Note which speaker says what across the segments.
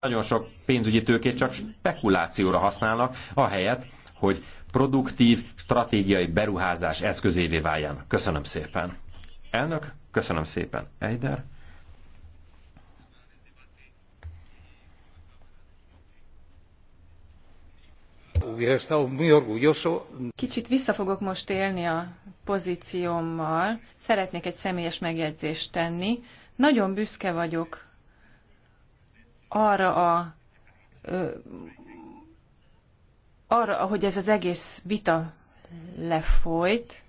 Speaker 1: nagyon sok pénzügyi tőkét csak spekulációra használnak, ahelyett, hogy produktív, stratégiai beruházás eszközévé váljon. Köszönöm szépen. Elnök, köszönöm szépen. Eider.
Speaker 2: Kicsit vissza fogok most élni a pozíciómmal. Szeretnék egy személyes megjegyzést tenni. Nagyon büszke vagyok arra a arra, ahogy ez az egész vita lefolyt,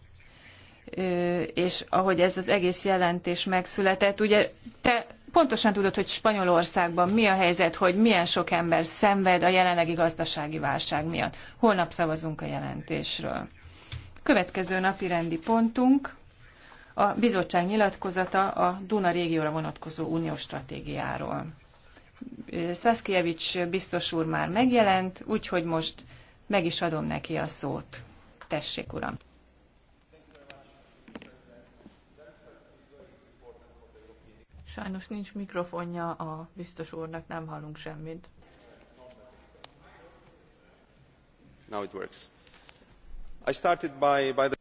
Speaker 2: és ahogy ez az egész jelentés megszületett, ugye te pontosan tudod, hogy Spanyolországban mi a helyzet, hogy milyen sok ember szenved a jelenlegi gazdasági válság miatt. Holnap szavazunk a jelentésről. Következő napi rendi pontunk a bizottság nyilatkozata a Duna régióra vonatkozó uniós stratégiáról. Szaszkiewicz biztos úr már megjelent, úgyhogy most meg is adom neki a szót.
Speaker 3: Tessék, uram! Sajnos nincs mikrofonja a biztos úrnak, nem hallunk semmit.
Speaker 4: Now it works. I started by, by the...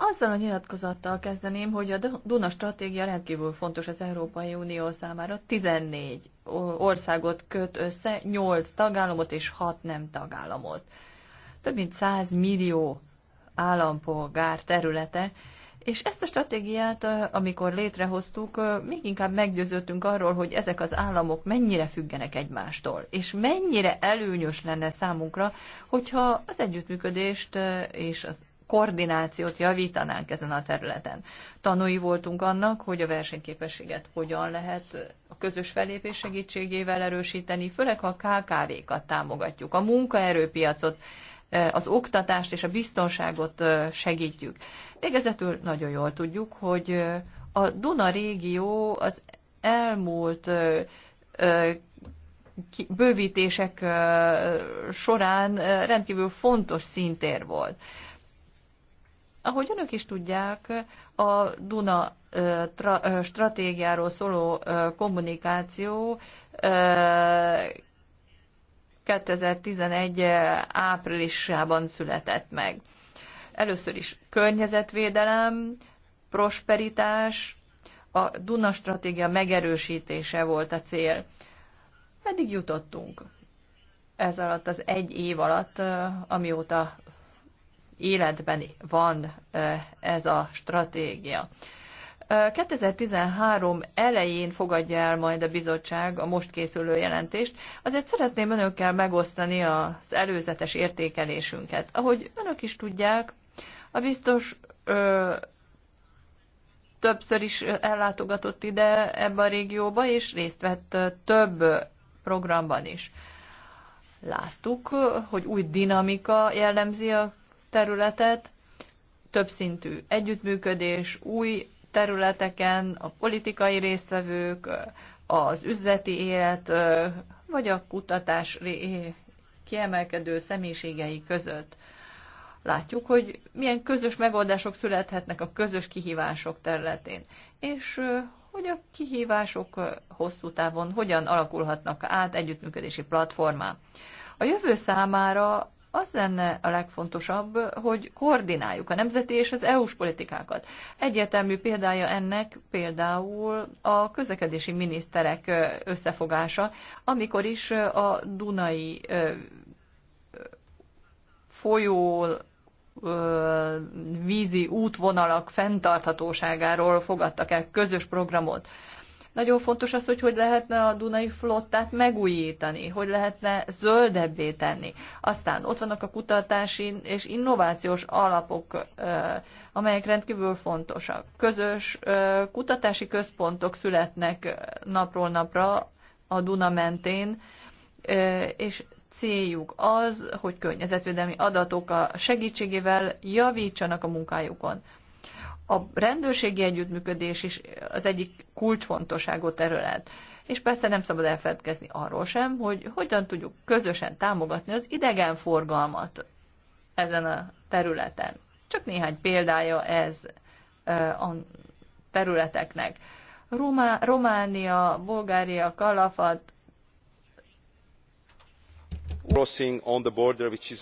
Speaker 3: Azzal a nyilatkozattal kezdeném, hogy a Duna stratégia rendkívül fontos az Európai Unió számára. 14 országot köt össze, 8 tagállamot és 6 nem tagállamot. Több mint 100 millió állampolgár területe, és ezt a stratégiát, amikor létrehoztuk, még inkább meggyőződtünk arról, hogy ezek az államok mennyire függenek egymástól, és mennyire előnyös lenne számunkra, hogyha az együttműködést és az koordinációt javítanánk ezen a területen. Tanúi voltunk annak, hogy a versenyképességet hogyan lehet a közös felépés segítségével erősíteni, főleg ha a KKV-kat támogatjuk, a munkaerőpiacot, e, az oktatást és a biztonságot e, segítjük. Végezetül nagyon jól tudjuk, hogy e, a Duna régió az elmúlt bővítések során rendkívül fontos szintér volt. Ahogy önök is tudják, a Duna tra- stratégiáról szóló kommunikáció 2011 áprilisában született meg. Először is környezetvédelem, prosperitás, a Duna stratégia megerősítése volt a cél. Eddig jutottunk ez alatt az egy év alatt, amióta életben van ez a stratégia. 2013 elején fogadja el majd a bizottság a most készülő jelentést. Azért szeretném önökkel megosztani az előzetes értékelésünket. Ahogy önök is tudják, a biztos ö, többször is ellátogatott ide ebbe a régióba, és részt vett több programban is. Láttuk, hogy új dinamika jellemzi a területet, többszintű együttműködés, új területeken a politikai résztvevők, az üzleti élet, vagy a kutatás kiemelkedő személyiségei között. Látjuk, hogy milyen közös megoldások születhetnek a közös kihívások területén, és hogy a kihívások hosszú távon hogyan alakulhatnak át együttműködési platformá. A jövő számára az lenne a legfontosabb, hogy koordináljuk a nemzeti és az EU-s politikákat. Egyértelmű példája ennek például a közlekedési miniszterek összefogása, amikor is a Dunai folyó vízi útvonalak fenntarthatóságáról fogadtak el közös programot. Nagyon fontos az, hogy hogy lehetne a Dunai flottát megújítani, hogy lehetne zöldebbé tenni. Aztán ott vannak a kutatási és innovációs alapok, amelyek rendkívül fontosak. Közös kutatási központok születnek napról napra a Duna mentén, és céljuk az, hogy környezetvédelmi adatok a segítségével javítsanak a munkájukon a rendőrségi együttműködés is az egyik kulcsfontosságú terület. És persze nem szabad elfedkezni arról sem, hogy hogyan tudjuk közösen támogatni az idegenforgalmat ezen a területen. Csak néhány példája ez a területeknek. Roma, Románia, Bulgária, Kalafat,
Speaker 5: crossing on the border, which is...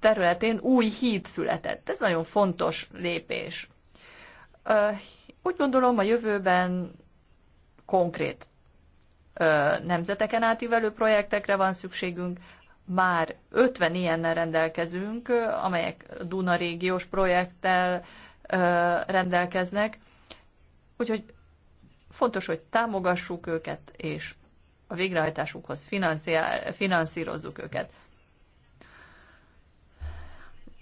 Speaker 3: területén új híd született. Ez nagyon fontos lépés úgy gondolom a jövőben konkrét nemzeteken átívelő projektekre van szükségünk. Már 50 ilyennel rendelkezünk, amelyek Duna régiós projekttel rendelkeznek. Úgyhogy fontos, hogy támogassuk őket, és a végrehajtásukhoz finanszírozzuk őket.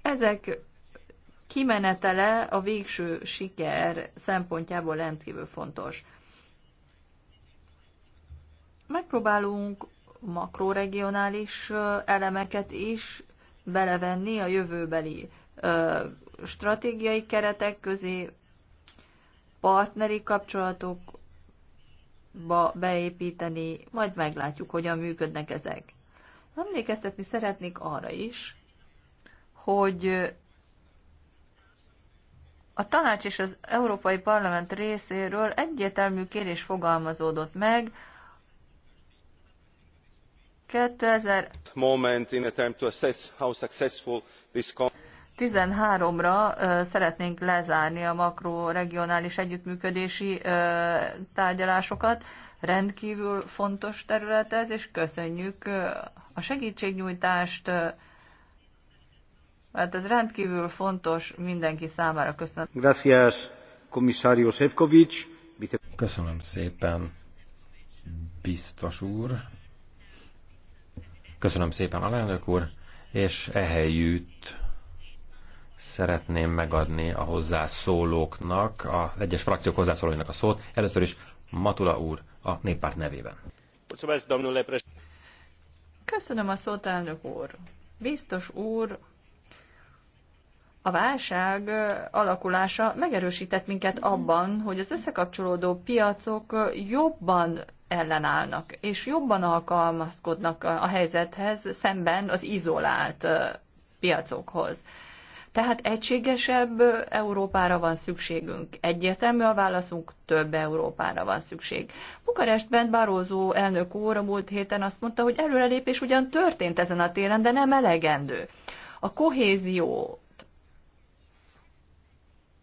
Speaker 3: Ezek kimenetele a végső siker szempontjából rendkívül fontos. Megpróbálunk makroregionális elemeket is belevenni a jövőbeli stratégiai keretek közé, partneri kapcsolatokba beépíteni, majd meglátjuk, hogyan működnek ezek. Emlékeztetni szeretnék arra is, hogy a tanács és az Európai Parlament részéről egyértelmű kérés fogalmazódott meg, 2013-ra szeretnénk lezárni a makroregionális együttműködési tárgyalásokat. Rendkívül fontos terület ez, és köszönjük a segítségnyújtást, mert hát ez rendkívül fontos mindenki számára. Köszönöm.
Speaker 1: Gracias, komisario Sefcovic. Köszönöm szépen, biztos úr. Köszönöm szépen, alelnök úr, és ehelyütt szeretném megadni a hozzászólóknak, a egyes frakciók hozzászólóinak a szót. Először is Matula úr a néppárt nevében.
Speaker 3: Köszönöm a szót, elnök úr. Biztos úr, a válság alakulása megerősített minket abban, hogy az összekapcsolódó piacok jobban ellenállnak, és jobban alkalmazkodnak a helyzethez szemben az izolált piacokhoz. Tehát egységesebb Európára van szükségünk. Egyértelmű a válaszunk, több Európára van szükség. Bukarestben Barózó elnök úr a múlt héten azt mondta, hogy előrelépés ugyan történt ezen a téren, de nem elegendő. A kohézió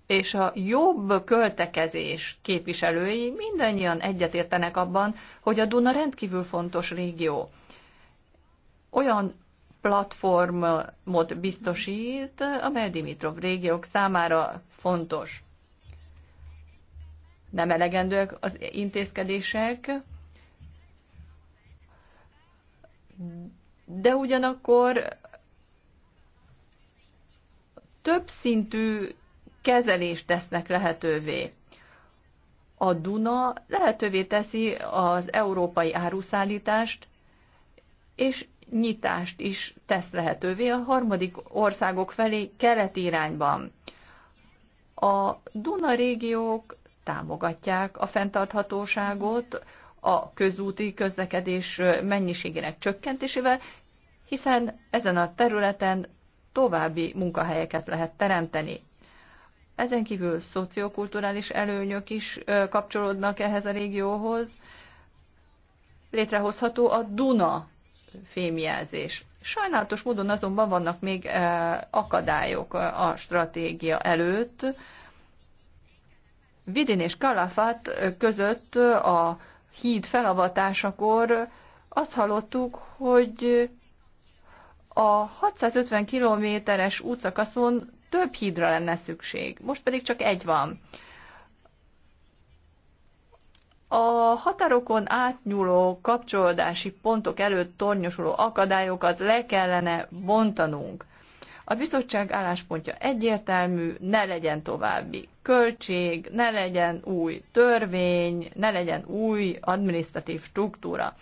Speaker 3: és a jobb költekezés képviselői mindannyian egyetértenek abban, hogy a Duna rendkívül fontos régió. Olyan platformot biztosít, amely Dimitrov régiók számára fontos. Nem elegendőek az intézkedések, de ugyanakkor több szintű kezelést tesznek lehetővé. A Duna lehetővé teszi az európai áruszállítást, és nyitást is tesz lehetővé a harmadik országok felé keleti irányban. A Duna régiók támogatják a fenntarthatóságot a közúti közlekedés mennyiségének csökkentésével, hiszen ezen a területen további munkahelyeket lehet teremteni. Ezen kívül szociokulturális előnyök is kapcsolódnak ehhez a régióhoz. Létrehozható a Duna fémjelzés. Sajnálatos módon azonban vannak még akadályok a stratégia előtt. Vidin és Kalafat között a híd felavatásakor azt hallottuk, hogy a 650 kilométeres útszakaszon több hídra lenne szükség. Most pedig csak egy van. A határokon átnyúló kapcsolódási pontok előtt tornyosuló akadályokat le kellene bontanunk. A bizottság álláspontja egyértelmű, ne legyen további költség, ne legyen új törvény, ne legyen új administratív struktúra.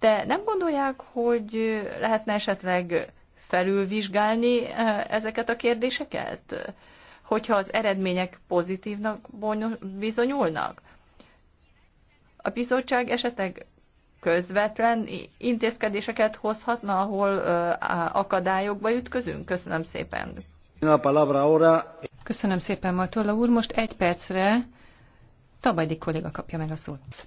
Speaker 3: De nem gondolják, hogy lehetne esetleg felülvizsgálni eh, ezeket a kérdéseket, hogyha az eredmények pozitívnak bizonyulnak? A bizottság esetleg közvetlen intézkedéseket hozhatna, ahol eh, akadályokba ütközünk? Köszönöm szépen.
Speaker 2: Köszönöm szépen, Martolla úr.
Speaker 3: Most egy percre
Speaker 2: Tabajdi kolléga kapja meg a szót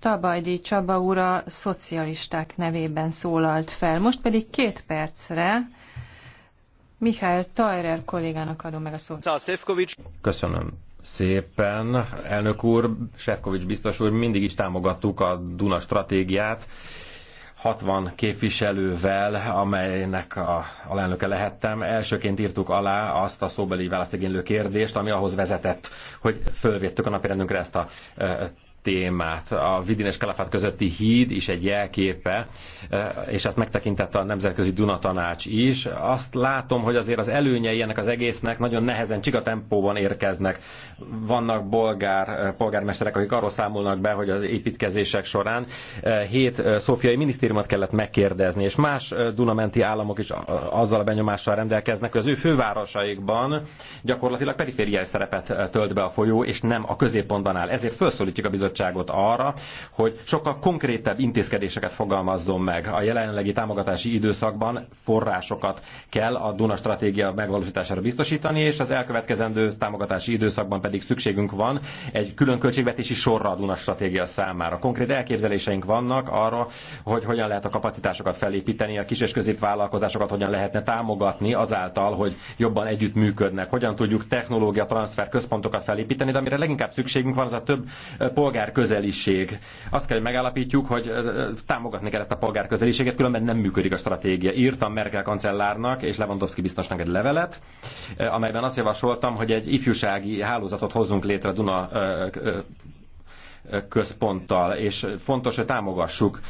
Speaker 2: Tabajdi Csaba úr a szocialisták nevében szólalt fel. Most pedig két percre Mihály Tajrer kollégának adom meg a szót.
Speaker 1: Köszönöm szépen, elnök úr, Sefkovics biztos úr, mindig is támogattuk a Duna stratégiát. 60 képviselővel, amelynek a alelnöke lehettem, elsőként írtuk alá azt a szóbeli választigénylő kérdést, ami ahhoz vezetett, hogy fölvettük a napirendünkre ezt a témát. A Vidin és Kalafát közötti híd is egy jelképe, eh, és ezt megtekintett a Nemzetközi Duna Tanács is. Azt látom, hogy azért az előnyei ennek az egésznek nagyon nehezen, csiga tempóban érkeznek. Vannak bolgár eh, polgármesterek, akik arról számolnak be, hogy az építkezések során eh, hét szófiai minisztériumot kellett megkérdezni, és más dunamenti államok is azzal a benyomással rendelkeznek, hogy az ő fővárosaikban gyakorlatilag perifériai szerepet tölt be a folyó, és nem a középpontban áll. Ezért felszólítjuk a bizottságot bizottságot arra, hogy sokkal konkrétebb intézkedéseket fogalmazzon meg. A jelenlegi támogatási időszakban forrásokat kell a Duna stratégia megvalósítására biztosítani, és az elkövetkezendő támogatási időszakban pedig szükségünk van egy külön költségvetési sorra a Duna stratégia számára. Konkrét elképzeléseink vannak arra, hogy hogyan lehet a kapacitásokat felépíteni, a kis és középvállalkozásokat hogyan lehetne támogatni azáltal, hogy jobban együttműködnek, hogyan tudjuk technológia transfer központokat felépíteni, de amire leginkább szükségünk van, az a több polgár polgárközeliség. Azt kell, hogy megállapítjuk, hogy támogatni kell ezt a polgárközeliséget, különben nem működik a stratégia. Írtam Merkel kancellárnak és Lewandowski biztosnak egy levelet, amelyben azt javasoltam, hogy egy ifjúsági hálózatot hozzunk létre Duna központtal, és fontos, hogy támogassuk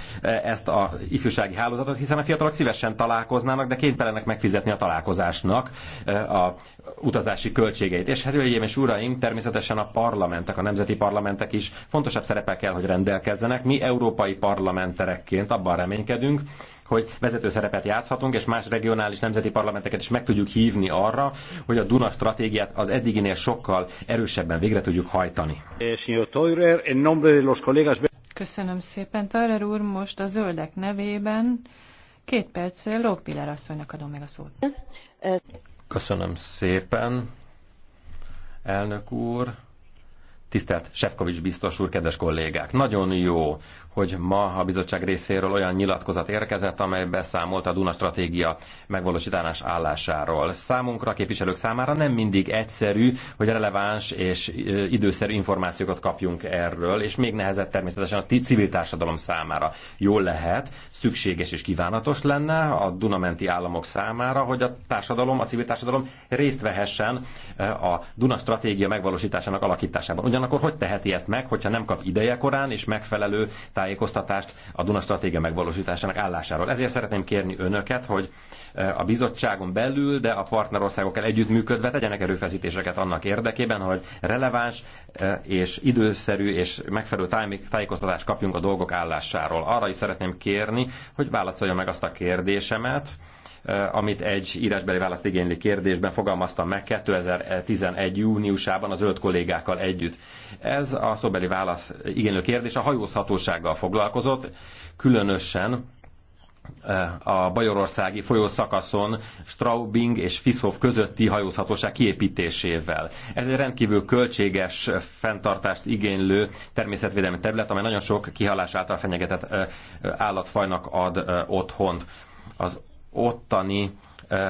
Speaker 1: ezt a ifjúsági hálózatot, hiszen a fiatalok szívesen találkoznának, de kénytelenek megfizetni a találkozásnak a utazási költségeit. És hát hölgyeim és uraim, természetesen a parlamentek, a nemzeti parlamentek is fontosabb szerepel kell, hogy rendelkezzenek. Mi európai parlamenterekként abban reménykedünk, hogy vezető szerepet játszhatunk, és más regionális nemzeti parlamenteket is meg tudjuk hívni arra, hogy a Duna stratégiát az eddiginél sokkal erősebben végre tudjuk hajtani. Eh,
Speaker 2: Köszönöm szépen, Teurer úr, most a zöldek nevében két percre Lókpiller asszonynak adom meg a szót.
Speaker 1: Köszönöm szépen, elnök úr. Tisztelt Sefkovics biztos úr, kedves kollégák! Nagyon jó, hogy ma a bizottság részéről olyan nyilatkozat érkezett, amely beszámolt a Duna stratégia megvalósítás állásáról. Számunkra, képviselők számára nem mindig egyszerű, hogy releváns és időszerű információkat kapjunk erről, és még nehezebb természetesen a civil társadalom számára. Jól lehet, szükséges és kívánatos lenne a Dunamenti államok számára, hogy a társadalom, a civil társadalom részt vehessen a Duna stratégia megvalósításának alakításában. Ugyanakkor hogy teheti ezt meg, hogyha nem kap ideje korán és megfelelő táj tájékoztatást a Duna stratégia megvalósításának állásáról. Ezért szeretném kérni önöket, hogy e, a bizottságon belül, de a partnerországokkal együttműködve tegyenek erőfeszítéseket annak érdekében, hogy releváns e, és időszerű és megfelelő tájékoztatást kapjunk a dolgok állásáról. Arra is szeretném kérni, hogy válaszolja meg azt a kérdésemet, Eh, amit egy írásbeli választ igénylő kérdésben fogalmaztam meg 2011. júniusában az ölt kollégákkal együtt. Ez a szóbeli válasz igénylő kérdés a hajózhatósággal foglalkozott, különösen eh, a bajorországi folyószakaszon Straubing és Fiszov közötti hajózhatóság kiépítésével. Ez egy rendkívül költséges fenntartást igénylő természetvédelmi terület, amely nagyon sok kihalás által fenyegetett eh, állatfajnak ad otthont. Az ottani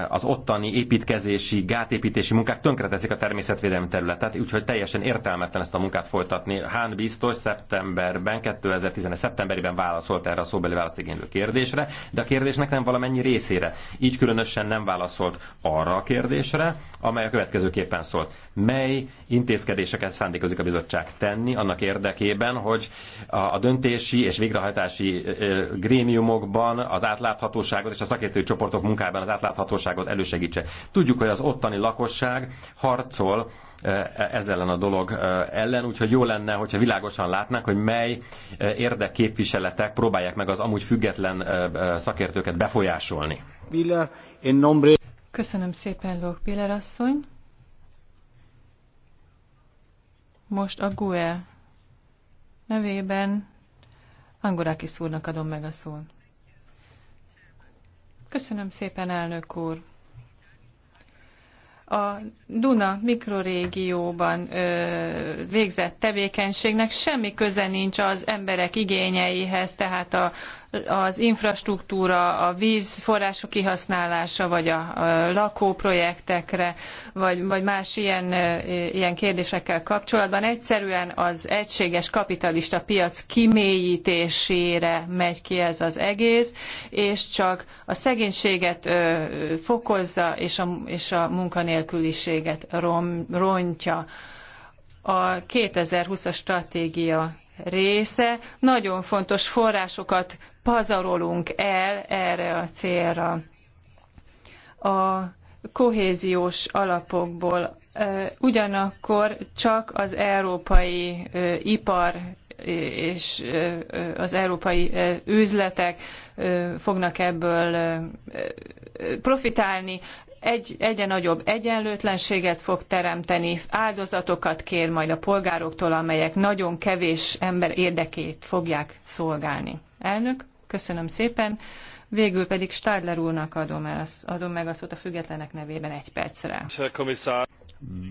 Speaker 1: az ottani építkezési, gátépítési munkák tönkreteszik a természetvédelmi területet, úgyhogy teljesen értelmetlen ezt a munkát folytatni. Hán biztos szeptemberben, 2011. szeptemberiben válaszolt erre a szóbeli válaszigénylő kérdésre, de a kérdésnek nem valamennyi részére. Így különösen nem válaszolt arra a kérdésre, amely a következőképpen szólt mely intézkedéseket szándékozik a bizottság tenni annak érdekében, hogy a döntési és végrehajtási grémiumokban az átláthatóságot és a szakértői csoportok munkában az átláthatóságot elősegítse. Tudjuk, hogy az ottani lakosság harcol e, ez ellen a dolog ellen, úgyhogy jó lenne, hogyha világosan látnánk, hogy mely érdekképviseletek próbálják meg az amúgy független szakértőket befolyásolni.
Speaker 2: Köszönöm szépen, Lók Péler asszony. Most a GUE nevében Angoráki szúrnak adom meg a szót. Köszönöm szépen, elnök úr! a Duna mikrorégióban ö, végzett tevékenységnek semmi köze nincs az emberek igényeihez, tehát a az infrastruktúra, a vízforrások kihasználása, vagy a, lakóprojektekre, vagy, vagy más ilyen, ilyen kérdésekkel kapcsolatban egyszerűen az egységes kapitalista piac kimélyítésére megy ki ez az egész, és csak a szegénységet fokozza, és a, és a munkanélküliséget rom, rontja. A 2020-as stratégia része. Nagyon fontos forrásokat pazarolunk el erre a célra. A kohéziós alapokból ugyanakkor csak az európai ipar és az európai üzletek fognak ebből profitálni egy, egyre nagyobb egyenlőtlenséget fog teremteni, áldozatokat kér majd a polgároktól, amelyek nagyon kevés ember érdekét fogják szolgálni. Elnök, köszönöm szépen. Végül pedig Stadler úrnak adom, el, adom meg a szót a függetlenek nevében egy percre.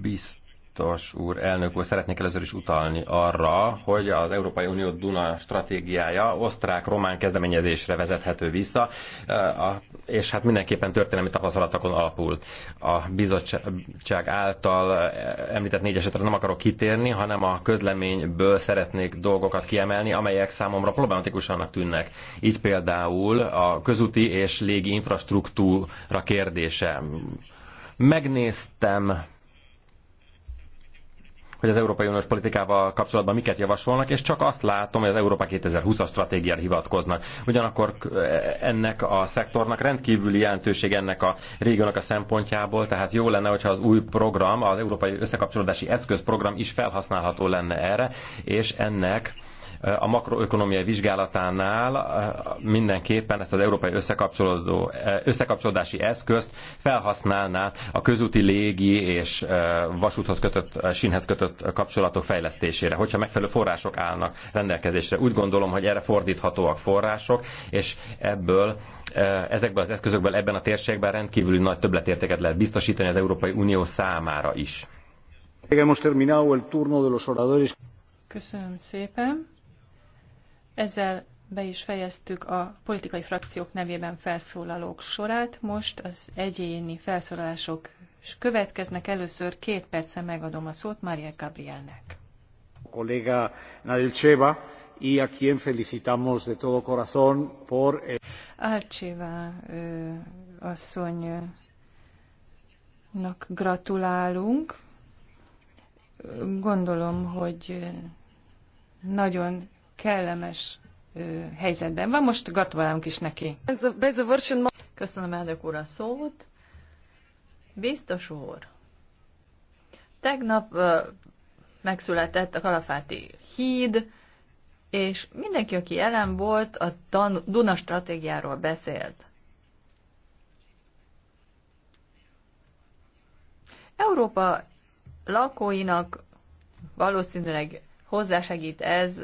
Speaker 1: Biztos biztos úr, elnök úr, szeretnék először is utalni arra, hogy az Európai Unió Duna stratégiája osztrák-román kezdeményezésre vezethető vissza, eh, és hát mindenképpen történelmi tapasztalatokon alapul. A bizottság által eh, említett négy esetre nem akarok kitérni, hanem a közleményből szeretnék dolgokat kiemelni, amelyek számomra problematikusannak tűnnek. Így például a közúti és légi infrastruktúra kérdése. Megnéztem hogy az Európai Uniós politikával kapcsolatban miket javasolnak, és csak azt látom, hogy az Európa 2020-as stratégiára hivatkoznak. Ugyanakkor ennek a szektornak rendkívüli jelentőség ennek a régiónak a szempontjából, tehát jó lenne, hogyha az új program, az Európai Összekapcsolódási eszközprogram is felhasználható lenne erre, és ennek a makroökonomiai vizsgálatánál eh, mindenképpen ezt az európai összekapcsolódó, eh, összekapcsolódási eszközt felhasználná a közúti légi és eh, vasúthoz kötött, sínhez kötött kapcsolatok fejlesztésére, hogyha megfelelő források állnak rendelkezésre. Úgy gondolom, hogy erre fordíthatóak források, és ebből ezekből az eszközökből ebben a térségben rendkívül nagy többletértéket lehet biztosítani az Európai Unió számára is.
Speaker 2: Köszönöm szépen. Ezzel be is fejeztük a politikai frakciók nevében felszólalók sorát. Most az egyéni felszólalások következnek. Először két percen megadom a szót Mária Gabrielnek.
Speaker 4: Kolléga Cseva, y a quien felicitamos de todo corazón por...
Speaker 2: Álcséva asszonynak gratulálunk. Gondolom, hogy nagyon kellemes helyzetben van. Most gratulálunk is neki.
Speaker 3: Köszönöm elnök úr a szót. Biztos úr, tegnap megszületett a Kalafáti híd, és mindenki, aki jelen volt, a Dan Duna stratégiáról beszélt. Európa lakóinak valószínűleg hozzásegít ez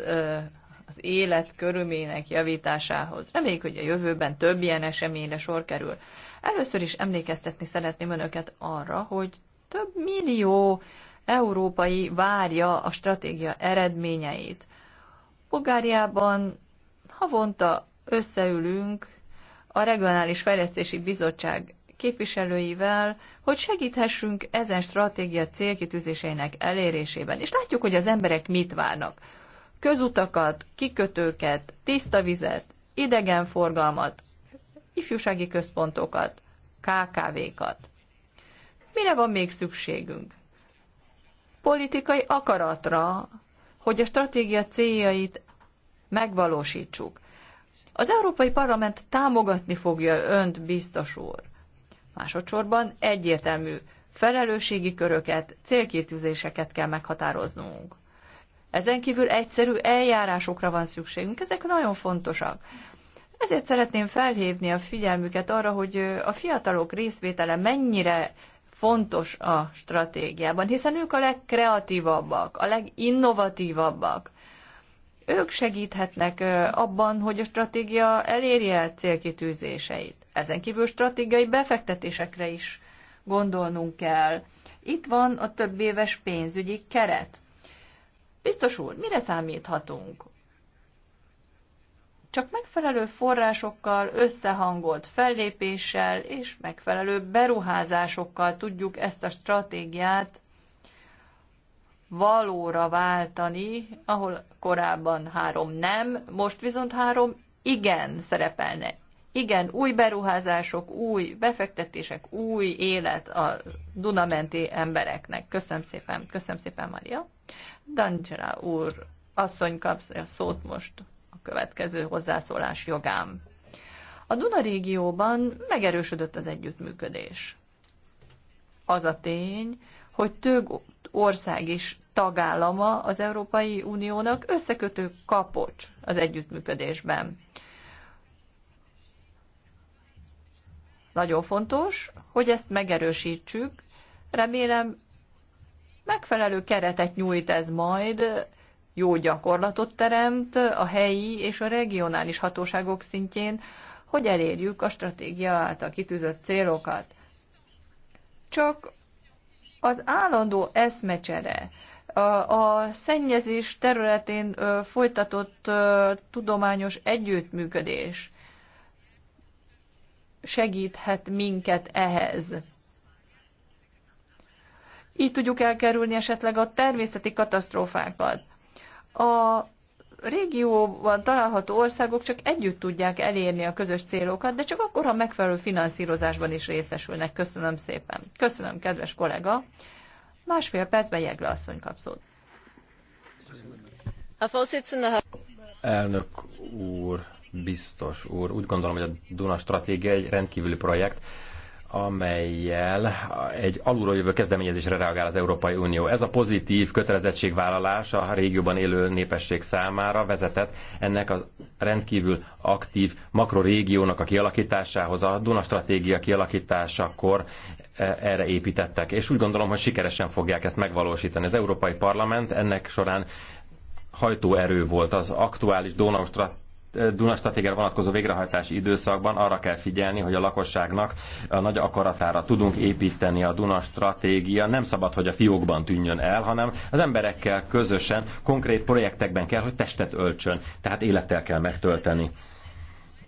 Speaker 3: az élet körülmények javításához. Reméljük, hogy a jövőben több ilyen eseményre sor kerül. Először is emlékeztetni szeretném önöket arra, hogy több millió európai várja a stratégia eredményeit. Bulgáriában havonta összeülünk a Regionális Fejlesztési Bizottság képviselőivel, hogy segíthessünk ezen stratégia célkitűzéseinek elérésében. És látjuk, hogy az emberek mit várnak közutakat, kikötőket, tiszta vizet, idegenforgalmat, ifjúsági központokat, KKV-kat. Mire van még szükségünk? Politikai akaratra, hogy a stratégia céljait megvalósítsuk. Az Európai Parlament támogatni fogja önt, biztos úr. Másodszorban egyértelmű felelősségi köröket, célkétűzéseket kell meghatároznunk. Ezen kívül egyszerű eljárásokra van szükségünk, ezek nagyon fontosak. Ezért szeretném felhívni a figyelmüket arra, hogy a fiatalok részvétele mennyire fontos a stratégiában, hiszen ők a legkreatívabbak, a leginnovatívabbak. Ők segíthetnek abban, hogy a stratégia elérje célkitűzéseit. Ezen kívül stratégiai befektetésekre is gondolnunk kell. Itt van a több éves pénzügyi keret. Biztos úr, mire számíthatunk? Csak megfelelő forrásokkal, összehangolt fellépéssel és megfelelő beruházásokkal tudjuk ezt a stratégiát valóra váltani, ahol korábban három nem, most viszont három igen szerepelne. Igen, új beruházások, új befektetések, új élet a Dunamenti embereknek. Köszönöm szépen, köszönöm szépen, Maria. Dancsera úr, asszony a szót most a következő hozzászólás jogám. A Duna régióban megerősödött az együttműködés. Az a tény, hogy több ország is tagállama az Európai Uniónak összekötő kapocs az együttműködésben. Nagyon fontos, hogy ezt megerősítsük. Remélem, megfelelő keretet nyújt ez majd, jó gyakorlatot teremt a helyi és a regionális hatóságok szintjén, hogy elérjük a stratégia által kitűzött célokat. Csak az állandó eszmecsere, a szennyezés területén folytatott tudományos együttműködés, segíthet minket ehhez. Így tudjuk elkerülni esetleg a természeti katasztrófákat. A régióban található országok csak együtt tudják elérni a közös célokat, de csak akkor, ha megfelelő finanszírozásban is részesülnek. Köszönöm szépen. Köszönöm, kedves kollega. Másfél percben Jegle asszony kap szót.
Speaker 1: Elnök úr, biztos úr. Úgy gondolom, hogy a Duna stratégia egy rendkívüli projekt, amelyel egy alulról jövő kezdeményezésre reagál az Európai Unió. Ez a pozitív kötelezettségvállalás a régióban élő népesség számára vezetett ennek a rendkívül aktív makrorégiónak a kialakításához. A Duna stratégia kialakításakor e, erre építettek, és úgy gondolom, hogy sikeresen fogják ezt megvalósítani. Az Európai Parlament ennek során hajtóerő volt az aktuális Donau stratégia Duna stratégiára vonatkozó végrehajtási időszakban arra kell figyelni, hogy a lakosságnak a nagy akaratára tudunk építeni a Duna stratégia. Nem szabad, hogy a fiókban tűnjön el, hanem az emberekkel közösen konkrét projektekben kell, hogy testet öltsön, tehát élettel kell megtölteni.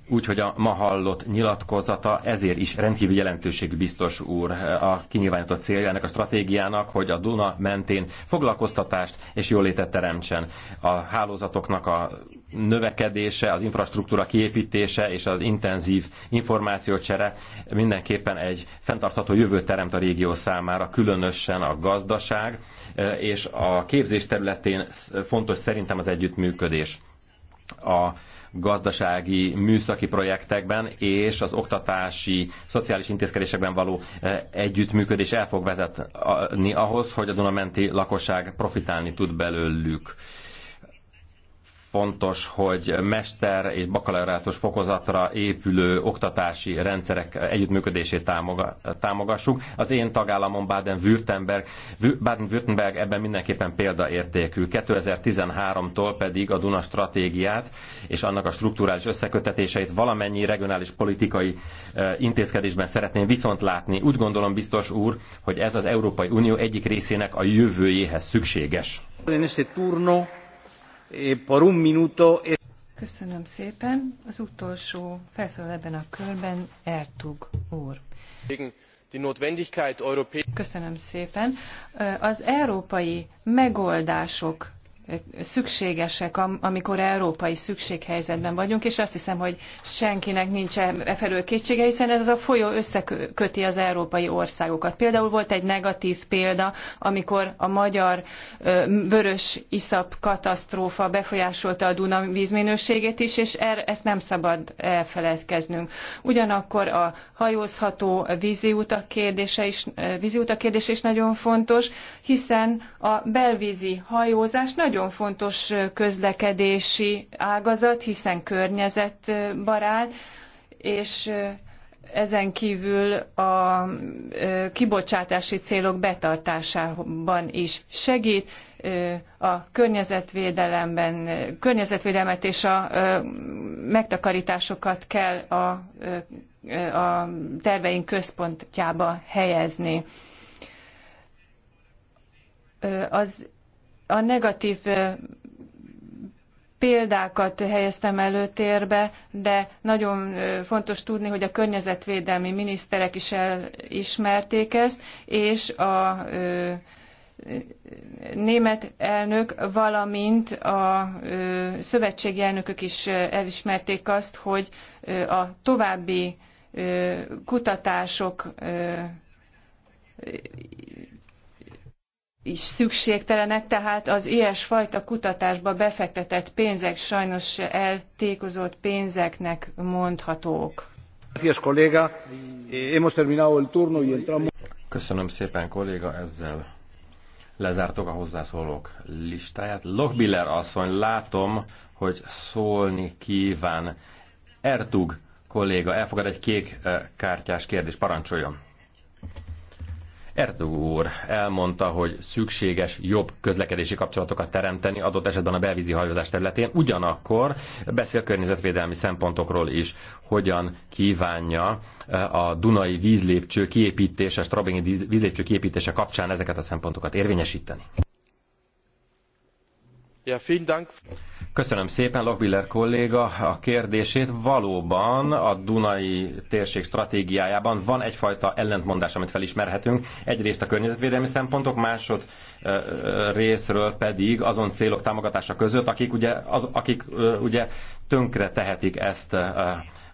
Speaker 1: Úgyhogy a ma hallott nyilatkozata ezért is rendkívül jelentőségű biztos úr a kinyilvánított célja ennek a stratégiának, hogy a Duna mentén foglalkoztatást és jólétet teremtsen. A hálózatoknak a növekedése, az infrastruktúra kiépítése és az intenzív információcsere mindenképpen egy fenntartható jövőt teremt a régió számára, különösen a gazdaság eh, és a képzés területén fontos szerintem az együttműködés. A gazdasági, műszaki projektekben és az oktatási, szociális intézkedésekben való eh, együttműködés el fog vezetni ahhoz, hogy a Dunamenti lakosság profitálni tud belőlük fontos, hogy mester és bakalaureátus fokozatra épülő oktatási rendszerek együttműködését támogassuk. Az én tagállamom Baden-Württemberg, Baden-Württemberg ebben mindenképpen példaértékű. 2013-tól pedig a Duna stratégiát és annak a strukturális összekötetéseit valamennyi regionális politikai e, intézkedésben szeretném viszont látni. Úgy gondolom, biztos úr, hogy ez az Európai Unió egyik részének a jövőjéhez szükséges. En este turno E e-
Speaker 2: Köszönöm szépen. Az utolsó felszólal ebben a körben Ertug úr. Köszönöm szépen. Az európai megoldások szükségesek, amikor európai szükséghelyzetben vagyunk, és azt hiszem, hogy senkinek nincs e felől kétsége, hiszen ez a folyó összeköti az európai országokat. Például volt egy negatív példa, amikor a magyar vörös iszap katasztrófa befolyásolta a Duna vízminőségét is, és er, ezt nem szabad elfeledkeznünk. Ugyanakkor a hajózható víziutak kérdése is, víziutak kérdése is nagyon fontos, hiszen a belvízi hajózás nagyon nagyon fontos közlekedési ágazat, hiszen környezetbarát, és ezen kívül a kibocsátási célok betartásában is segít, a környezetvédelemben, környezetvédelmet és a megtakarításokat kell a, a terveink központjába helyezni. Az a negatív példákat helyeztem előtérbe, de nagyon fontos tudni, hogy a környezetvédelmi miniszterek is elismerték ezt, és a német elnök, valamint a szövetségi elnökök is elismerték azt, hogy a további kutatások is szükségtelenek, tehát az ilyesfajta kutatásba befektetett pénzek sajnos eltékozott pénzeknek mondhatók.
Speaker 4: Eh,
Speaker 1: Köszönöm szépen, kolléga, ezzel lezártok a hozzászólók listáját. Lochbiller asszony, látom, hogy szólni kíván. Ertug kolléga elfogad egy kék eh, kártyás kérdés, parancsoljon. Erdogó úr elmondta, hogy szükséges jobb közlekedési kapcsolatokat teremteni, adott esetben a belvízi hajózás területén, ugyanakkor beszél környezetvédelmi szempontokról is, hogyan kívánja eh, a Dunai vízlépcső kiépítése, a Strabingi vízlépcső kiépítése kapcsán ezeket a szempontokat érvényesíteni. Köszönöm szépen Lochbiller kolléga a kérdését. Valóban a Dunai térség stratégiájában van egyfajta ellentmondás, amit felismerhetünk. Egyrészt a környezetvédelmi szempontok, másod részről pedig azon célok támogatása között, akik ugye, az, akik, ugye tönkre tehetik ezt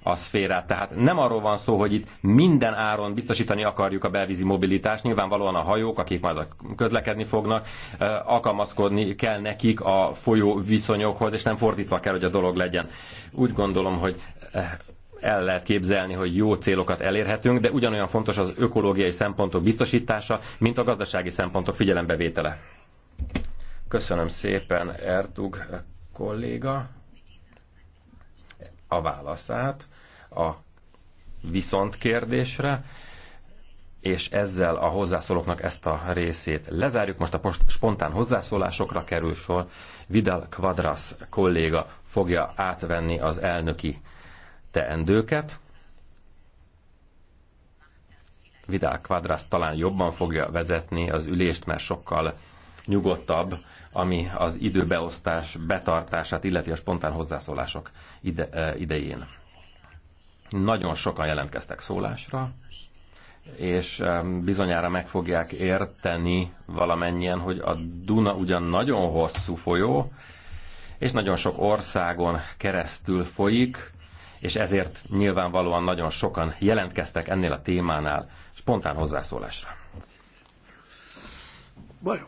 Speaker 1: a szférát. Tehát nem arról van szó, hogy itt minden áron biztosítani akarjuk a belvízi mobilitást. Nyilvánvalóan a hajók, akik majd közlekedni fognak, alkalmazkodni kell nekik a folyó viszonyokhoz, és nem fordítva kell, hogy a dolog legyen. Úgy gondolom, hogy el lehet képzelni, hogy jó célokat elérhetünk, de ugyanolyan fontos az ökológiai szempontok biztosítása, mint a gazdasági szempontok figyelembevétele. Köszönöm szépen, Ertug kolléga a válaszát a viszont kérdésre, és ezzel a hozzászólóknak ezt a részét lezárjuk. Most a spontán hozzászólásokra kerül sor. Vidal Quadras kolléga fogja átvenni az elnöki teendőket. Vidal Quadras talán jobban fogja vezetni az ülést, mert sokkal nyugodtabb, ami az időbeosztás betartását, illeti a spontán hozzászólások ide, idején. Nagyon sokan jelentkeztek szólásra, és bizonyára meg fogják érteni valamennyien, hogy a Duna ugyan nagyon hosszú folyó, és nagyon sok országon keresztül folyik, és ezért nyilvánvalóan nagyon sokan jelentkeztek ennél a témánál spontán hozzászólásra.
Speaker 3: Bajom.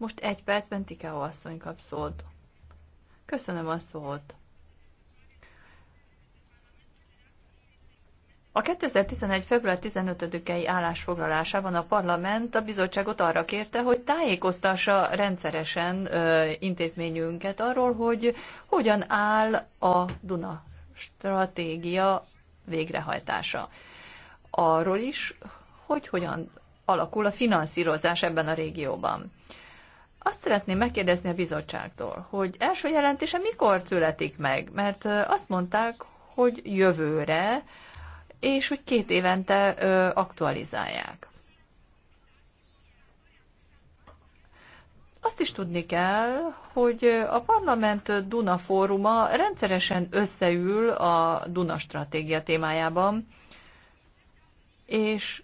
Speaker 3: most egy percben Tikeo asszony kap szót. Köszönöm a szót. A 2011. február 15-i állásfoglalásában a parlament a bizottságot arra kérte, hogy tájékoztassa rendszeresen ö, intézményünket arról, hogy hogyan áll a Duna stratégia végrehajtása. Arról is, hogy hogyan alakul a finanszírozás ebben a régióban. Azt szeretném megkérdezni a bizottságtól, hogy első jelentése mikor születik meg, mert azt mondták, hogy jövőre, és hogy két évente ö, aktualizálják. Azt is tudni kell, hogy a parlament Duna fóruma rendszeresen összeül a Duna stratégia témájában, és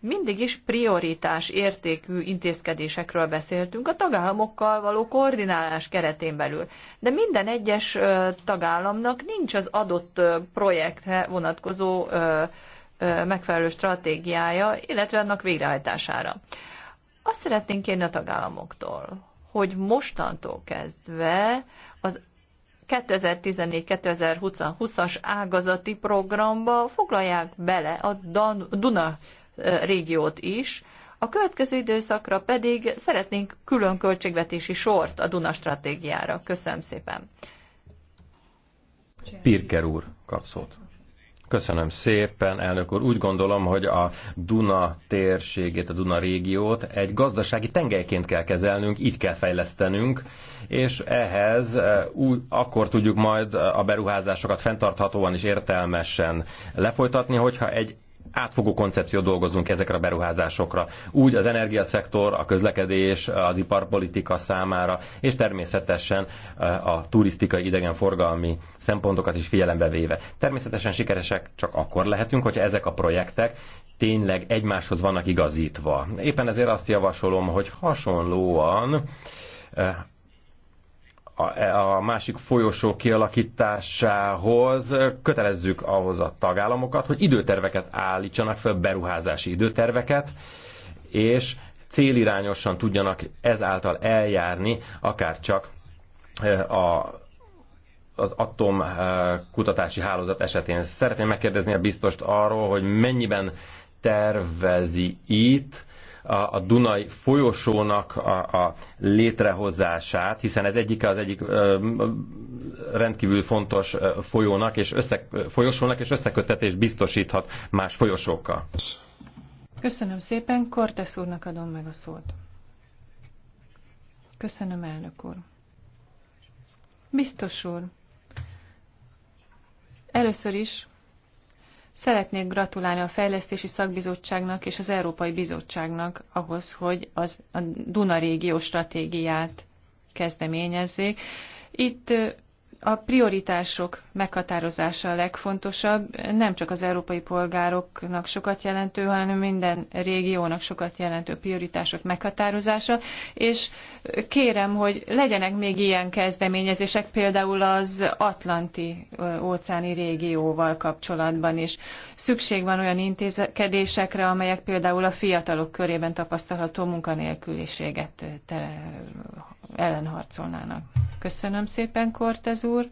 Speaker 3: mindig is prioritás értékű intézkedésekről beszéltünk a tagállamokkal való koordinálás keretén belül. De minden egyes tagállamnak nincs az adott projektre vonatkozó megfelelő stratégiája, illetve annak végrehajtására. Azt szeretnénk kérni a tagállamoktól, hogy mostantól kezdve az 2014-2020-as ágazati programba foglalják bele a Dan- Duna régiót is, a következő időszakra pedig szeretnénk külön költségvetési sort a Duna stratégiára. Köszönöm szépen.
Speaker 1: Pirker úr kap szót. Köszönöm szépen, elnök úr. Úgy gondolom, hogy a Duna térségét, a Duna régiót egy gazdasági tengelyként kell kezelnünk, így kell fejlesztenünk, és ehhez e, úgy, akkor tudjuk majd a beruházásokat fenntarthatóan és értelmesen lefolytatni, hogyha egy átfogó koncepciót dolgozunk ezekre a beruházásokra. Úgy az energiaszektor, a közlekedés, az iparpolitika számára, és természetesen eh, a turisztikai idegenforgalmi szempontokat is figyelembe véve. Természetesen sikeresek csak akkor lehetünk, hogyha ezek a projektek tényleg egymáshoz vannak igazítva. Éppen ezért azt javasolom, hogy hasonlóan eh, a másik folyosó kialakításához kötelezzük ahhoz a tagállamokat, hogy időterveket állítsanak fel, beruházási időterveket, és célirányosan tudjanak ezáltal eljárni, akár csak e, a, az atom e, kutatási hálózat esetén. Szeretném megkérdezni a biztost arról, hogy mennyiben tervezi itt a, a Dunai folyosónak a, a létrehozását, hiszen ez egyike az egyik ö, rendkívül fontos folyónak és össze, folyosónak, és összekötetés biztosíthat más folyosókkal.
Speaker 2: Köszönöm szépen, Kortesz úrnak adom meg a szót. Köszönöm, elnök úr. Biztos úr, először is Szeretnék gratulálni a Fejlesztési Szakbizottságnak és az Európai Bizottságnak ahhoz, hogy az, a Duna régió stratégiát kezdeményezzék. Itt a prioritások meghatározása a legfontosabb, nem csak az európai polgároknak sokat jelentő, hanem minden régiónak sokat jelentő prioritások meghatározása, és kérem, hogy legyenek még ilyen kezdeményezések, például az Atlanti óceáni régióval kapcsolatban is. Szükség van olyan intézkedésekre, amelyek például a fiatalok körében tapasztalható munkanélküliséget ellen harcolnának. Köszönöm szépen, Kortez úr.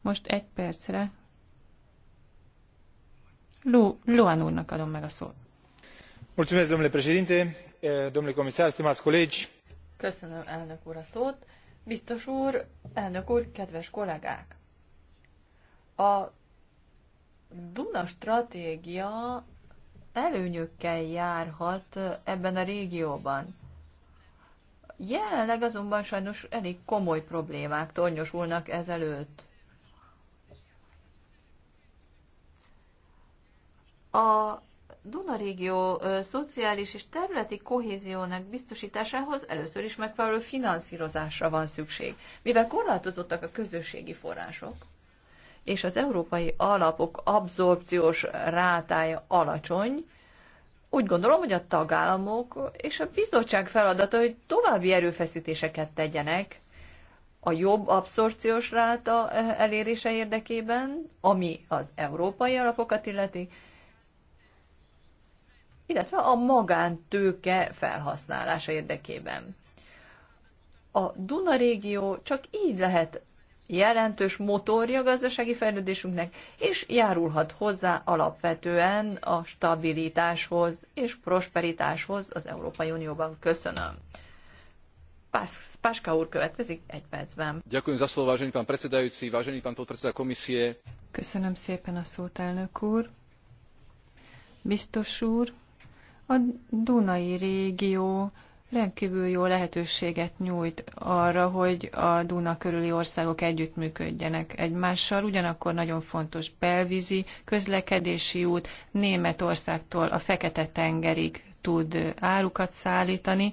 Speaker 2: Most egy percre Lu, Luan úrnak adom meg a szót.
Speaker 6: Mulțumesc, domnule președinte, eh, domnule comisar, stimați colegi.
Speaker 3: Köszönöm, elnök úr, a szót. Biztos úr, elnök úr, kedves kollégák! A Duna stratégia előnyökkel járhat ebben a régióban Jelenleg azonban sajnos elég komoly problémák tornyosulnak ezelőtt. A Duna régió szociális és területi kohéziónak biztosításához először is megfelelő finanszírozásra van szükség. Mivel korlátozottak a közösségi források, és az európai alapok abszorpciós rátája alacsony, úgy gondolom, hogy a tagállamok és a bizottság feladata, hogy további erőfeszítéseket tegyenek a jobb abszorciós ráta eh, elérése érdekében, ami az európai alapokat illeti, illetve a magántőke felhasználása érdekében. A Duna régió csak így lehet jelentős motorja a gazdasági fejlődésünknek, és járulhat hozzá alapvetően a stabilitáshoz és prosperitáshoz az Európai Unióban. Köszönöm. Páska úr következik egy percben.
Speaker 5: Ďakujem za slovo, vážený pán predsedajúci, vážený pán podpredseda komisie.
Speaker 3: Köszönöm szépen a szót, elnök úr.
Speaker 2: Biztos úr, a Dunai régió rendkívül jó lehetőséget nyújt arra, hogy a Duna körüli országok együttműködjenek egymással. Ugyanakkor nagyon fontos belvízi közlekedési út Németországtól a Fekete-tengerig tud árukat szállítani.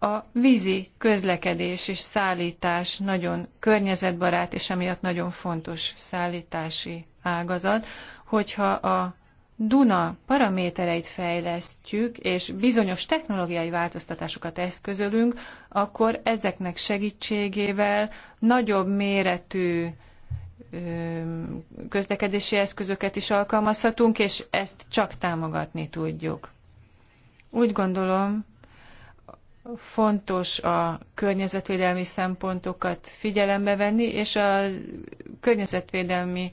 Speaker 2: A vízi közlekedés és szállítás nagyon környezetbarát, és emiatt nagyon fontos szállítási ágazat, hogyha a Duna paramétereit fejlesztjük, és bizonyos technológiai változtatásokat eszközölünk, akkor ezeknek segítségével nagyobb méretű közlekedési eszközöket is alkalmazhatunk, és ezt csak támogatni tudjuk. Úgy gondolom, fontos a környezetvédelmi szempontokat figyelembe venni, és a környezetvédelmi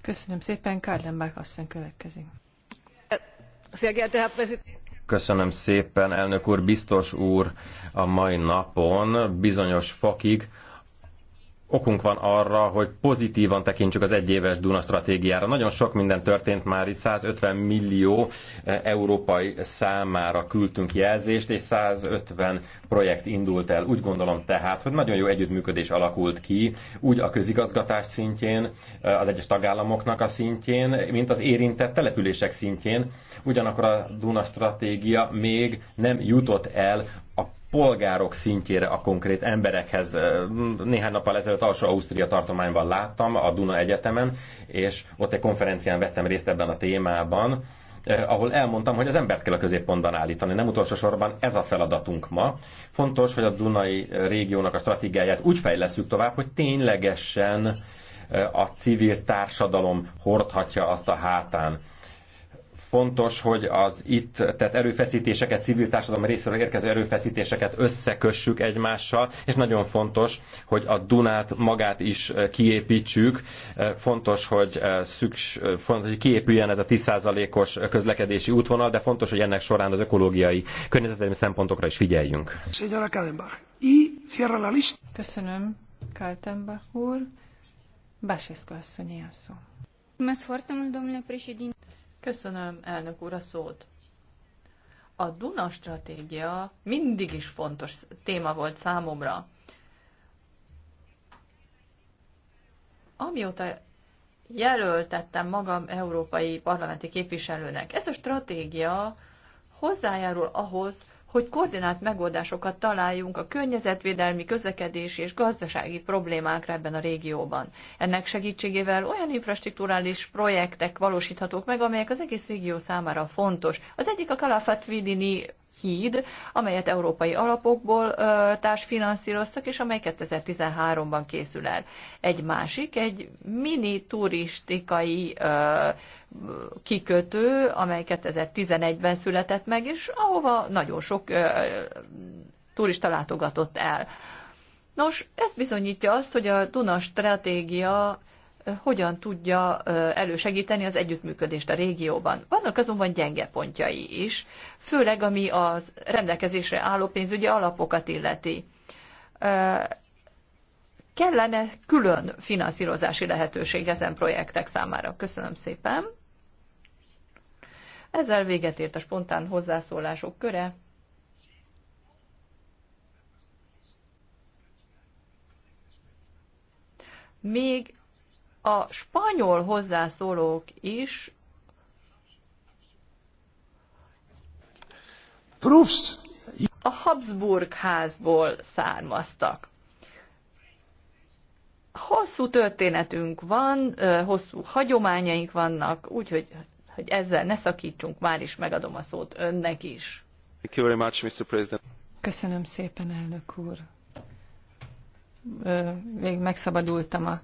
Speaker 2: Köszönöm szépen, Kallenbach asszony következik.
Speaker 1: Köszönöm szépen, elnök úr, biztos úr, a mai napon bizonyos fokig okunk van arra, hogy pozitívan tekintsük az egyéves Duna stratégiára. Nagyon sok minden történt már itt, 150 millió e, európai számára küldtünk jelzést, és 150 projekt indult el. Úgy gondolom tehát, hogy nagyon jó együttműködés alakult ki, úgy a közigazgatás szintjén, e, az egyes tagállamoknak a szintjén, mint az érintett települések szintjén. Ugyanakkor a Duna stratégia még nem jutott el polgárok szintjére, a konkrét emberekhez. Néhány nappal ezelőtt alsó Ausztria tartományban láttam, a Duna Egyetemen, és ott egy konferencián vettem részt ebben a témában, ahol elmondtam, hogy az embert kell a középpontban állítani. Nem utolsó sorban ez a feladatunk ma. Fontos, hogy a Dunai régiónak a stratégiáját úgy fejlesztjük tovább, hogy ténylegesen a civil társadalom hordhatja azt a hátán fontos, hogy az itt tett erőfeszítéseket, civil társadalom részéről érkező erőfeszítéseket összekössük egymással, és nagyon fontos, hogy a Dunát magát is eh, kiépítsük. Eh, fontos, hogy, eh, szüks, fontos, hogy kiépüljen ez a 10%-os közlekedési útvonal, de fontos, hogy ennek során az ökológiai környezetelmi szempontokra is figyeljünk.
Speaker 2: Köszönöm, Kaltenbach úr. Basescu
Speaker 3: asszonyi a szó. Mulțumesc foarte mult, domnule președinte. Köszönöm, elnök úr, a szót. A Duna stratégia mindig is fontos téma volt számomra. Amióta jelöltettem magam európai parlamenti képviselőnek, ez a stratégia hozzájárul ahhoz, hogy koordinált megoldásokat találjunk a környezetvédelmi, közlekedési és gazdasági problémákra ebben a régióban. Ennek segítségével olyan infrastruktúrális projektek valósíthatók meg, amelyek az egész régió számára fontos. Az egyik a Kalafat híd, amelyet európai alapokból társfinanszíroztak, és amely 2013-ban készül el. Egy másik, egy mini turistikai kikötő, amely 2011-ben született meg, és ahova nagyon sok turista látogatott el. Nos, ez bizonyítja azt, hogy a Duna stratégia hogyan tudja elősegíteni az együttműködést a régióban. Vannak azonban gyenge pontjai is, főleg ami az rendelkezésre álló pénzügyi alapokat illeti. Kellene külön finanszírozási lehetőség ezen projektek számára. Köszönöm szépen. Ezzel véget ért a spontán hozzászólások köre. Még a spanyol hozzászólók is a Habsburg házból származtak. Hosszú történetünk van, hosszú hagyományaink vannak, úgyhogy hogy ezzel ne szakítsunk, már is megadom a szót önnek is.
Speaker 4: Thank you very much, Mr. President.
Speaker 3: Köszönöm szépen, elnök úr.
Speaker 2: Végig megszabadultam a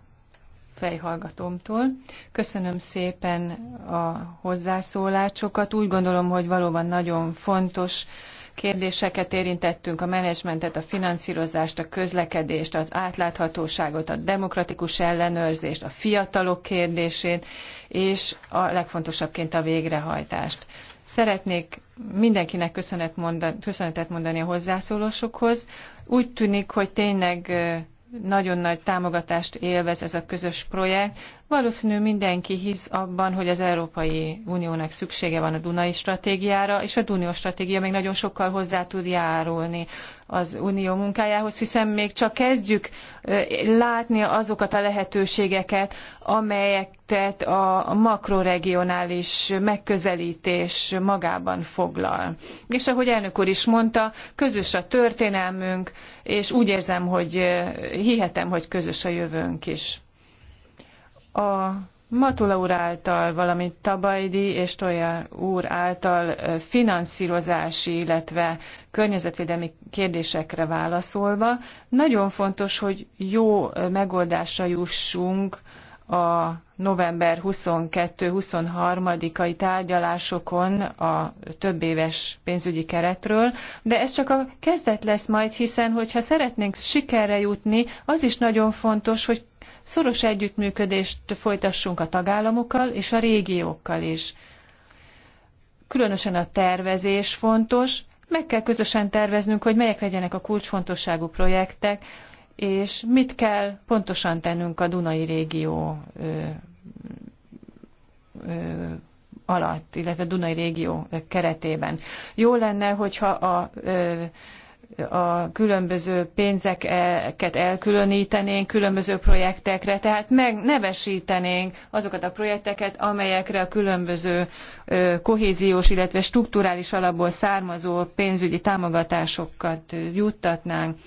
Speaker 2: fejhallgatómtól. Köszönöm szépen a hozzászólásokat. Úgy gondolom, hogy valóban nagyon fontos kérdéseket érintettünk, a menedzsmentet, a finanszírozást, a közlekedést, az átláthatóságot, a demokratikus ellenőrzést, a fiatalok kérdését, és a legfontosabbként a végrehajtást. Szeretnék mindenkinek köszönet mondani, köszönetet mondani a hozzászólósokhoz. Úgy tűnik, hogy tényleg nagyon nagy támogatást élvez ez a közös projekt. Valószínű mindenki hisz abban, hogy az Európai Uniónak szüksége van a Dunai stratégiára, és a Dunai stratégia még nagyon sokkal hozzá tud járulni az Unió munkájához, hiszen még csak kezdjük látni azokat a lehetőségeket, amelyeket a makroregionális megközelítés magában foglal. És ahogy elnök úr is mondta, közös a történelmünk, és úgy érzem, hogy hihetem, hogy közös a jövőnk is. A Matula úr által, valamint Tabajdi és Tolja úr által finanszírozási, illetve környezetvédelmi kérdésekre válaszolva, nagyon fontos, hogy jó megoldásra jussunk a november 22-23-ai tárgyalásokon a több éves pénzügyi keretről, de ez csak a kezdet lesz majd, hiszen hogyha szeretnénk sikerre jutni, az is nagyon fontos, hogy szoros együttműködést folytassunk a tagállamokkal és a régiókkal is. Különösen a tervezés fontos, meg kell közösen terveznünk, hogy melyek legyenek a kulcsfontosságú projektek, és mit kell pontosan tennünk a Dunai régió ö, ö, alatt, illetve Dunai régió keretében. Jó lenne, hogyha a ö, a különböző pénzeket elkülönítenénk különböző projektekre, tehát megnevesítenénk azokat a projekteket, amelyekre a különböző kohéziós, illetve strukturális alapból származó pénzügyi támogatásokat juttatnánk.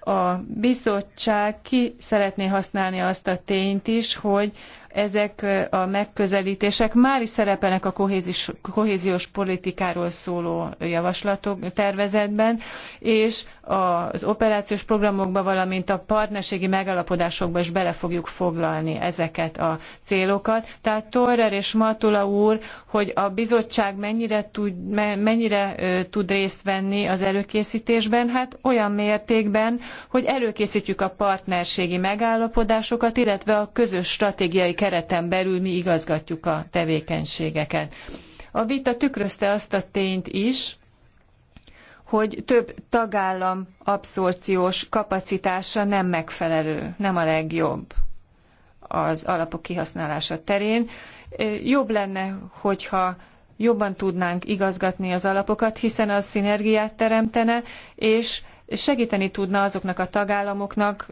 Speaker 2: A bizottság ki szeretné használni azt a tényt is, hogy ezek a megközelítések már is szerepelnek a kohézis, kohéziós politikáról szóló javaslatok tervezetben, és az operációs programokba, valamint a partnerségi megállapodásokban is bele fogjuk foglalni ezeket a célokat. Tehát Torrer és Matula úr, hogy a bizottság mennyire tud, mennyire tud részt venni az előkészítésben, hát olyan mértékben, hogy előkészítjük a partnerségi megállapodásokat, illetve a közös stratégiai kereten belül mi igazgatjuk a tevékenységeket. A vita tükrözte azt a tényt is, hogy több tagállam abszorciós kapacitása nem megfelelő, nem a legjobb az alapok kihasználása terén. Jobb lenne, hogyha jobban tudnánk igazgatni az alapokat, hiszen az szinergiát teremtene, és segíteni tudna azoknak a tagállamoknak,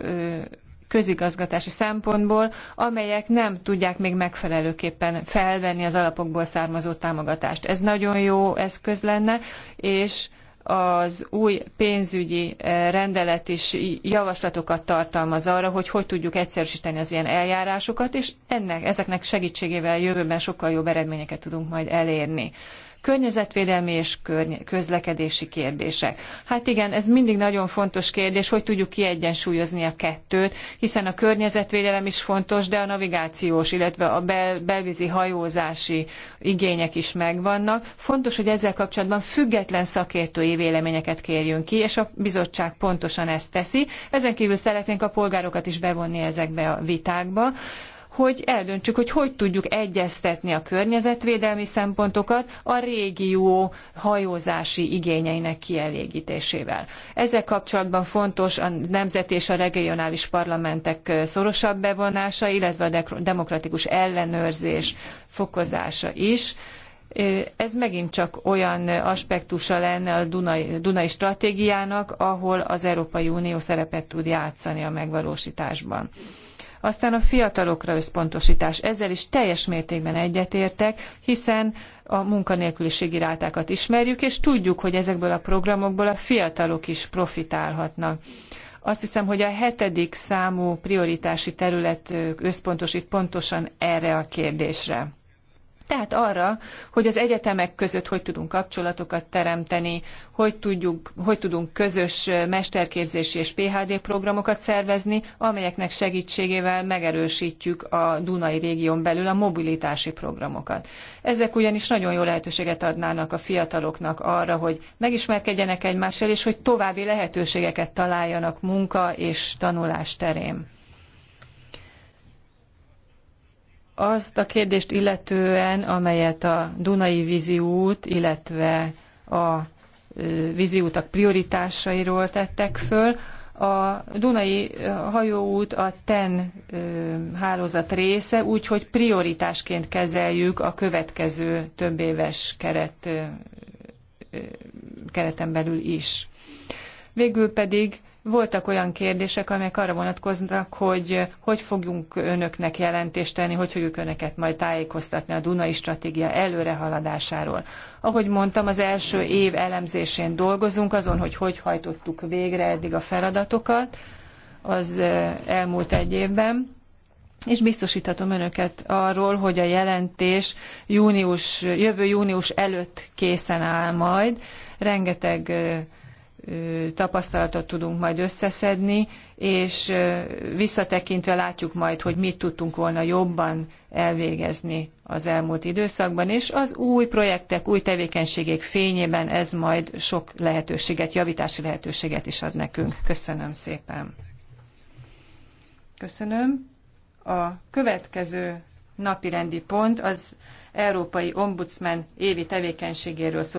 Speaker 2: közigazgatási szempontból, amelyek nem tudják még megfelelőképpen felvenni az alapokból származó támogatást. Ez nagyon jó eszköz lenne, és az új pénzügyi eh, rendelet is javaslatokat tartalmaz arra, hogy hogy tudjuk egyszerűsíteni az ilyen eljárásokat, és ennek, ezeknek segítségével jövőben sokkal jobb eredményeket tudunk majd elérni. Környezetvédelmi és közlekedési kérdések. Hát igen, ez mindig nagyon fontos kérdés, hogy tudjuk kiegyensúlyozni a kettőt, hiszen a környezetvédelem is fontos, de a navigációs, illetve a bel- belvízi hajózási igények is megvannak. Fontos, hogy ezzel kapcsolatban független szakértői véleményeket kérjünk ki, és a bizottság pontosan ezt teszi. Ezen kívül szeretnénk a polgárokat is bevonni ezekbe a vitákba hogy eldöntsük, hogy hogy tudjuk egyeztetni a környezetvédelmi szempontokat a régió hajózási igényeinek kielégítésével. Ezzel kapcsolatban fontos a nemzeti és a regionális parlamentek szorosabb bevonása, illetve a demokratikus ellenőrzés fokozása is. Ez megint csak olyan aspektusa lenne a Dunai, Dunai stratégiának, ahol az Európai Unió szerepet tud játszani a megvalósításban. Aztán a fiatalokra összpontosítás. Ezzel is teljes mértékben egyetértek, hiszen a munkanélküliségi rátákat ismerjük, és tudjuk, hogy ezekből a programokból a fiatalok is profitálhatnak. Azt hiszem, hogy a hetedik számú prioritási terület összpontosít pontosan erre a kérdésre. Tehát arra, hogy az egyetemek között hogy tudunk kapcsolatokat teremteni, hogy, tudjuk, hogy tudunk közös mesterképzési és PHD programokat szervezni, amelyeknek segítségével megerősítjük a Dunai régión belül a mobilitási programokat. Ezek ugyanis nagyon jó lehetőséget adnának a fiataloknak arra, hogy megismerkedjenek egymással, és hogy további lehetőségeket találjanak munka és tanulás terén. azt a kérdést illetően, amelyet a Dunai vízi út, illetve a vízi utak prioritásairól tettek föl, a Dunai hajóút a TEN hálózat része, úgyhogy prioritásként kezeljük a következő több éves keret, kereten belül is. Végül pedig voltak olyan kérdések, amelyek arra vonatkoznak, hogy hogy fogjunk önöknek jelentést tenni, hogy fogjuk önöket majd tájékoztatni a Dunai stratégia előrehaladásáról. Ahogy mondtam, az első év elemzésén dolgozunk azon, hogy hogy hajtottuk végre eddig a feladatokat az elmúlt egy évben és biztosíthatom önöket arról, hogy a jelentés június, jövő június előtt készen áll majd. Rengeteg tapasztalatot tudunk majd összeszedni, és visszatekintve látjuk majd, hogy mit tudtunk volna jobban elvégezni az elmúlt időszakban, és az új projektek, új tevékenységek fényében ez majd sok lehetőséget, javítási lehetőséget is ad nekünk. Köszönöm szépen. Köszönöm. A következő napirendi pont az Európai Ombudsman évi tevékenységéről szól.